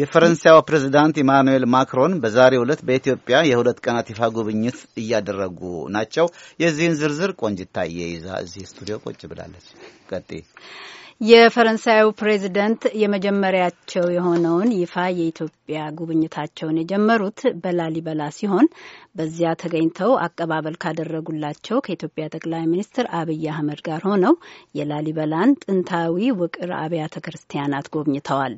የፈረንሳዩ ፕሬዝዳንት ኢማኑኤል ማክሮን በዛሬው ዕለት በኢትዮጵያ የሁለት ቀናት ይፋ ጉብኝት እያደረጉ ናቸው። የዚህን ዝርዝር ቆንጅታ ይዛ እዚህ ስቱዲዮ ቁጭ ብላለች። ቀጤ የፈረንሳዩ ፕሬዚደንት የመጀመሪያቸው የሆነውን ይፋ የኢትዮጵያ ጉብኝታቸውን የጀመሩት በላሊበላ ሲሆን በዚያ ተገኝተው አቀባበል ካደረጉላቸው ከኢትዮጵያ ጠቅላይ ሚኒስትር አብይ አህመድ ጋር ሆነው የላሊበላን ጥንታዊ ውቅር አብያተ ክርስቲያናት ጎብኝተዋል።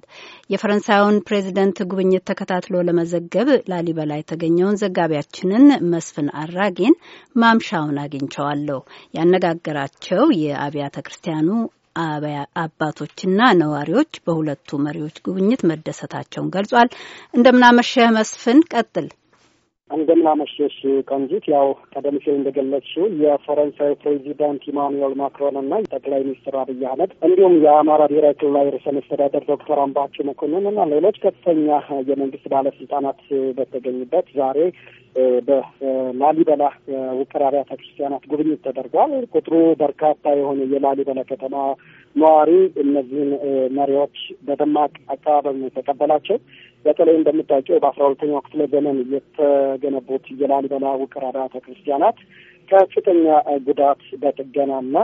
የፈረንሳዩን ፕሬዚደንት ጉብኝት ተከታትሎ ለመዘገብ ላሊበላ የተገኘውን ዘጋቢያችንን መስፍን አራጌን ማምሻውን አግኝቸዋለሁ። ያነጋገራቸው የአብያተ ክርስቲያኑ አባቶችና ነዋሪዎች በሁለቱ መሪዎች ጉብኝት መደሰታቸውን ገልጿል። እንደምናመሸህ መስፍን ቀጥል። እንደምን አመሸሽ ያው ቀደም ሲል እንደገለጽሽው የፈረንሳይ ፕሬዚዳንት ኢማኑኤል ማክሮን እና ጠቅላይ ሚኒስትር አብይ አህመድ እንዲሁም የአማራ ብሔራዊ ክልላዊ ርዕሰ መስተዳደር ዶክተር አምባቸው መኮንን እና ሌሎች ከፍተኛ የመንግስት ባለስልጣናት በተገኙበት ዛሬ በላሊበላ ውቅር አብያተ ክርስቲያናት ጉብኝት ተደርጓል። ቁጥሩ በርካታ የሆነ የላሊበላ ከተማ ነዋሪ እነዚህን መሪዎች በደማቅ አቀባበል ተቀበላቸው። በተለይ እንደምታውቀው በአስራ ሁለተኛው ክፍለ ዘመን የተገነቡት የላሊበላ ውቅር አብያተ ክርስቲያናት ከፍተኛ ጉዳት በጥገናና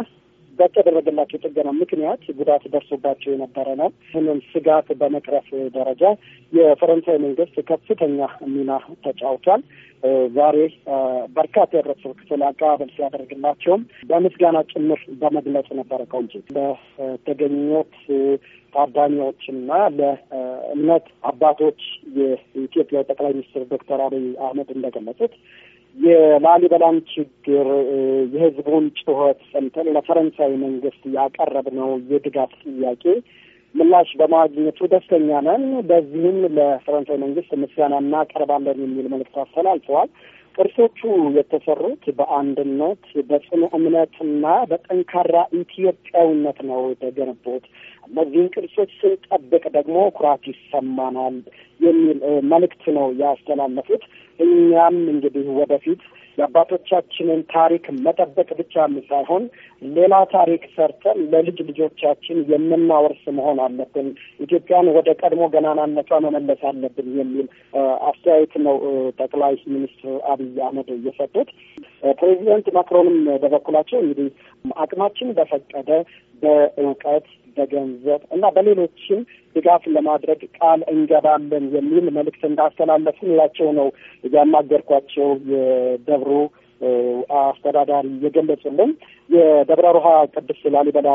በተደረገላቸው ጥገና ምክንያት ጉዳት ደርሶባቸው የነበረ ነው። ይህንን ስጋት በመቅረፍ ደረጃ የፈረንሳይ መንግስት ከፍተኛ ሚና ተጫውቷል። ዛሬ በርካታ የህብረተሰብ ክፍል አቀባበል ሲያደርግላቸውም በምስጋና ጭምር በመግለጽ ነበረ ቀውንጭ ለተገኙት ታዳሚዎችና ለእምነት አባቶች የኢትዮጵያ ጠቅላይ ሚኒስትር ዶክተር አብይ አህመድ እንደገለጹት የላሊበላን ችግር የህዝቡን ጩኸት ሰምተን ለፈረንሳይ መንግስት ያቀረብነው የድጋፍ ጥያቄ ምላሽ በማግኘቱ ደስተኛ ነን። በዚህም ለፈረንሳይ መንግስት ምስጋና እናቀርባለን የሚል መልእክት አስተላልፈዋል። ቅርሶቹ የተሰሩት በአንድነት በጽኑ እምነትና በጠንካራ ኢትዮጵያዊነት ነው የተገነቡት። እነዚህን ቅርሶች ስንጠብቅ ደግሞ ኩራት ይሰማናል የሚል መልእክት ነው ያስተላለፉት። እኛም እንግዲህ ወደፊት የአባቶቻችንን ታሪክ መጠበቅ ብቻም ሳይሆን ሌላ ታሪክ ሰርተን ለልጅ ልጆቻችን የምናወርስ መሆን አለብን፣ ኢትዮጵያን ወደ ቀድሞ ገናናነቷ መመለስ አለብን የሚል አስተያየት ነው ጠቅላይ ሚኒስትር አብይ አህመድ የሰጡት። ፕሬዚደንት ማክሮንም በበኩላቸው እንግዲህ አቅማችን በፈቀደ በእውቀት በገንዘብ እና በሌሎችም ድጋፍ ለማድረግ ቃል እንገባለን የሚል መልእክት ላቸው ነው ያናገርኳቸው የደብሩ አስተዳዳሪ የገለጹልን። የደብረ ሮሃ ቅዱስ ላሊበላ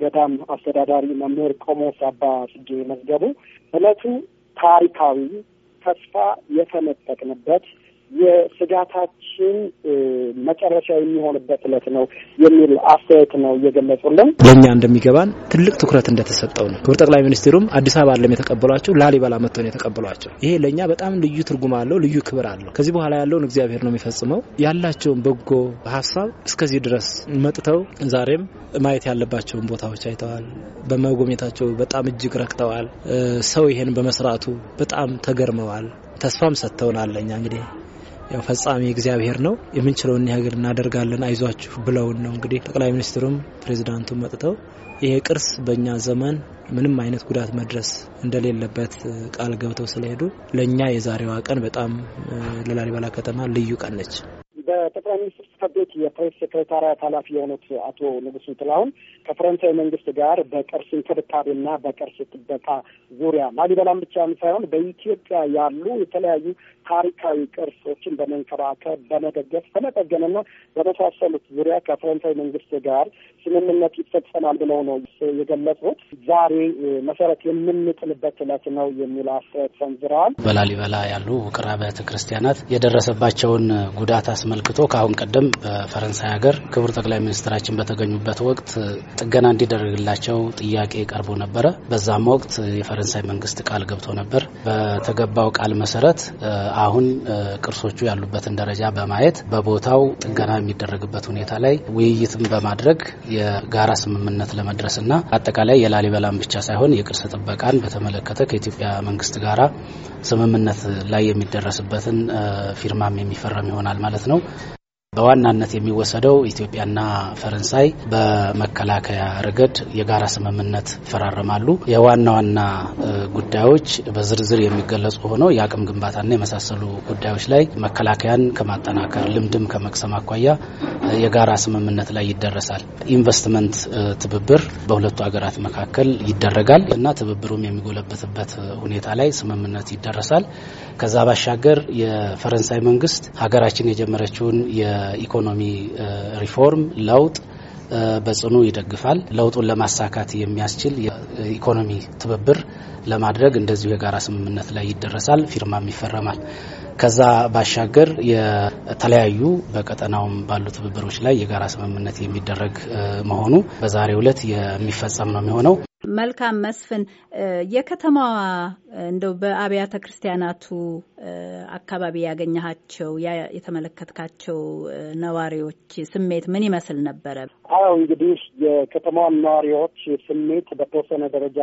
ገዳም አስተዳዳሪ መምህር ቆሞስ አባ ስጌ መዝገቡ እለቱ ታሪካዊ ተስፋ የተነጠቅንበት የስጋታችን መጨረሻ የሚሆንበት ዕለት ነው የሚል አስተያየት ነው እየገለጹልን። ለእኛ እንደሚገባን ትልቅ ትኩረት እንደተሰጠው ነው። ክቡር ጠቅላይ ሚኒስትሩም አዲስ አበባ አለም የተቀበሏቸው ላሊበላ መጥተው ነው የተቀበሏቸው። ይሄ ለእኛ በጣም ልዩ ትርጉም አለው፣ ልዩ ክብር አለው። ከዚህ በኋላ ያለውን እግዚአብሔር ነው የሚፈጽመው። ያላቸውን በጎ ሀሳብ እስከዚህ ድረስ መጥተው ዛሬም ማየት ያለባቸውን ቦታዎች አይተዋል። በመጎብኘታቸው በጣም እጅግ ረክተዋል። ሰው ይሄን በመስራቱ በጣም ተገርመዋል። ተስፋም ሰጥተውናል። እንግዲህ ያው ፈጻሚ እግዚአብሔር ነው። የምንችለውን ያህል እናደርጋለን፣ አይዟችሁ ብለውን ነው እንግዲህ ጠቅላይ ሚኒስትሩም ፕሬዚዳንቱ መጥተው ይሄ ቅርስ በእኛ ዘመን ምንም አይነት ጉዳት መድረስ እንደሌለበት ቃል ገብተው ስለሄዱ ለእኛ የዛሬዋ ቀን በጣም ለላሊበላ ከተማ ልዩ ቀን ነች። የጠቅላይ ሚኒስትር ጽሕፈት ቤት የፕሬስ ሴክሬታሪያት ኃላፊ የሆኑት አቶ ንጉሱ ጥላሁን ከፈረንሳይ መንግስት ጋር በቅርስ እንክብካቤና በቅርስ ጥበቃ ዙሪያ ላሊበላም ብቻ ሳይሆን በኢትዮጵያ ያሉ የተለያዩ ታሪካዊ ቅርሶችን በመንከባከብ በመደገፍ፣ በመጠገንና በመሳሰሉት ዙሪያ ከፈረንሳይ መንግስት ጋር ስምምነት ይፈጸማል ብለው ነው የገለጹት። ዛሬ መሰረት የምንጥልበት እለት ነው የሚል አስተያየት ሰንዝረዋል። በላሊበላ ያሉ ውቅር አብያተ ክርስቲያናት የደረሰባቸውን ጉዳት አስመልክቶ ከአሁን ቀደም በፈረንሳይ ሀገር ክቡር ጠቅላይ ሚኒስትራችን በተገኙበት ወቅት ጥገና እንዲደረግላቸው ጥያቄ ቀርቦ ነበረ። በዛም ወቅት የፈረንሳይ መንግስት ቃል ገብቶ ነበር። በተገባው ቃል መሰረት አሁን ቅርሶቹ ያሉበትን ደረጃ በማየት በቦታው ጥገና የሚደረግበት ሁኔታ ላይ ውይይትም በማድረግ የጋራ ስምምነት ለመድረስ እና አጠቃላይ የላሊበላን ብቻ ሳይሆን የቅርስ ጥበቃን በተመለከተ ከኢትዮጵያ መንግስት ጋራ ስምምነት ላይ የሚደረስበትን ፊርማም የሚፈረም ይሆናል ማለት ነው። በዋናነት የሚወሰደው ኢትዮጵያና ፈረንሳይ በመከላከያ ረገድ የጋራ ስምምነት ይፈራረማሉ። የዋና ዋና ጉዳዮች በዝርዝር የሚገለጹ ሆነው የአቅም ግንባታና የመሳሰሉ ጉዳዮች ላይ መከላከያን ከማጠናከር ልምድም ከመቅሰም አኳያ የጋራ ስምምነት ላይ ይደረሳል። ኢንቨስትመንት ትብብር በሁለቱ ሀገራት መካከል ይደረጋል እና ትብብሩም የሚጎለበትበት ሁኔታ ላይ ስምምነት ይደረሳል። ከዛ ባሻገር የፈረንሳይ መንግስት ሀገራችን የጀመረችውን ኢኮኖሚ ሪፎርም ለውጥ በጽኑ ይደግፋል። ለውጡን ለማሳካት የሚያስችል የኢኮኖሚ ትብብር ለማድረግ እንደዚሁ የጋራ ስምምነት ላይ ይደረሳል፣ ፊርማም ይፈረማል። ከዛ ባሻገር የተለያዩ በቀጠናውም ባሉ ትብብሮች ላይ የጋራ ስምምነት የሚደረግ መሆኑ በዛሬው ዕለት የሚፈጸም ነው የሚሆነው። መልካም መስፍን፣ የከተማዋ እንደው በአብያተ ክርስቲያናቱ አካባቢ ያገኘሃቸው የተመለከትካቸው ነዋሪዎች ስሜት ምን ይመስል ነበረ? አዎ እንግዲህ የከተማዋን ነዋሪዎች ስሜት በተወሰነ ደረጃ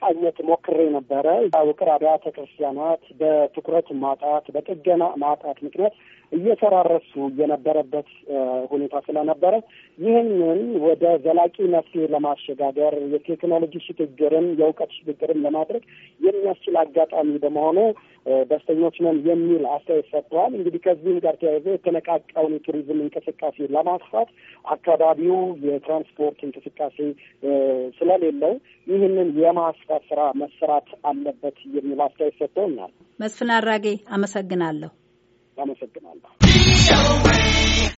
ቃኘት ሞክሬ ነበረ። ውቅር አብያተ ክርስቲያናት በትኩረት ማጣት፣ በጥገና ማጣት ምክንያት እየተራረሱ የነበረበት ሁኔታ ስለነበረ ይህንን ወደ ዘላቂ መፍትሄ ለማሸጋገር የቴክኖሎጂ ሽግግርን የእውቀት ሽግግርን ለማድረግ የሚያስችል አጋጣሚ በመሆኑ ደስተኞች ነን የሚል አስተያየት ሰጥተዋል። እንግዲህ ከዚህም ጋር ተያይዞ የተነቃቃውን የቱሪዝም እንቅስቃሴ ለማስፋት አካባቢው የትራንስፖርት እንቅስቃሴ ስለሌለው ይህንን የማ የማስፋት ስራ መስራት አለበት የሚል አስተያየት ሰጥቶኛል። መስፍን አራጌ አመሰግናለሁ። አመሰግናለሁ።